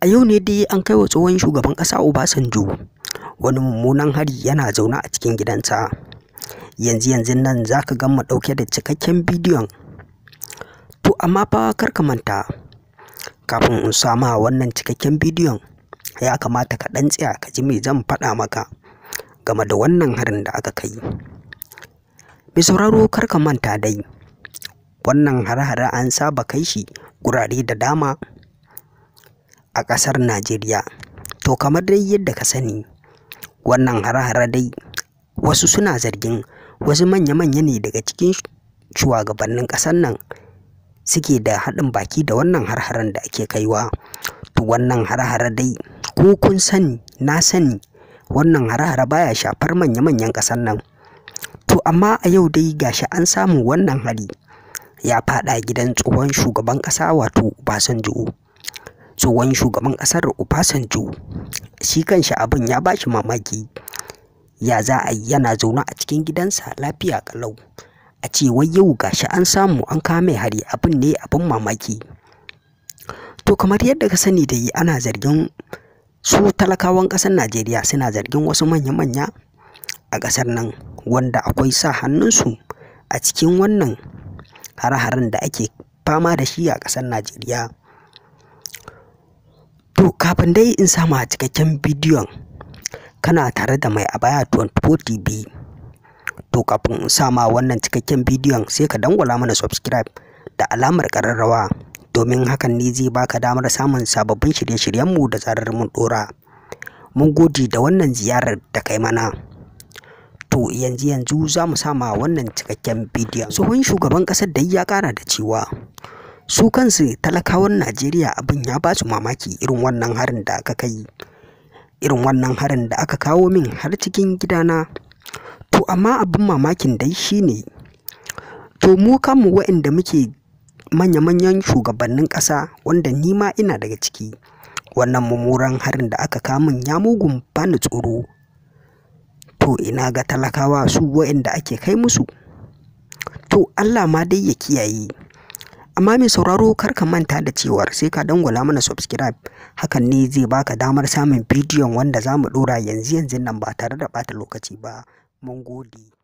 a yau ne dai an kai wa tsohon shugaban ƙasa obasanjo wani mummunan hari yana zaune a cikin gidansa yanzu yanzu nan za ka gan ɗauke da cikakken bidiyon to amma fa kar ka manta kafin in sama wannan cikakken bidiyon ya kamata ka ɗan tsaya ka ji me zan faɗa maka game da wannan harin da aka kai mai sauraro kar ka manta dai wannan hare-hare an saba kai shi gurare da dama a ƙasar Najeriya. To kamar dai yadda ka sani wannan hare-hare dai wasu suna zargin wasu manya-manya ne daga cikin shugabannin ƙasar nan suke da haɗin baki da wannan har-haren da ake kaiwa. To wannan har-hare dai ko kun sani na sani wannan har-hare baya shafar manya-manyan ƙasar nan. To amma a yau dai gashi an samu wannan hari ya faɗa gidan tsohon shugaban ƙasa wato Obasanjo. tsohon shugaban ƙasar Obasanjo shi kanshi abin ya bashi mamaki ya za a yi yana zaune a cikin gidansa lafiya kalau a ce wai yau gashi an samu an mai hari abin ne abin mamaki to kamar yadda ka sani da yi ana zargin su talakawan ƙasar Najeriya suna zargin wasu manya-manya a ƙasar nan wanda akwai sa hannunsu a cikin wannan hare-haren da ake fama da shi a ƙasar Najeriya to kafin dai in sama a cikakken bidiyon kana tare da mai abaya 24 tv to kafin in sama wannan cikakken bidiyon sai ka dangwala mana subscribe da alamar kararrawa domin hakan ne zai baka damar samun sababbin shirye-shiryenmu da zarar mun dora mun gode da wannan ziyarar da kai mana to yanzu yanzu za mu sama wannan cikakken bidiyon tsohon shugaban ƙasar da ya ƙara da cewa su kansu talakawan najeriya abin ya ba su mamaki irin wannan harin da aka kai irin wannan harin da aka kawo min har cikin gidana to amma abin mamakin dai shine to mu kanmu wa'inda muke manya-manyan shugabannin ƙasa wanda ni ma ina daga ciki wannan mummuran harin da aka kamun ya mugun bani tsoro to ina ga talakawa su wa'inda ake kai musu to allah ma dai ya kiyaye amma mai sauraro kar ka manta da cewar sai ka dangwala mana subscribe hakan ne zai baka damar samun bidiyon wanda za mu ɗora yanzu yanzu nan ba tare da bata lokaci ba mun gode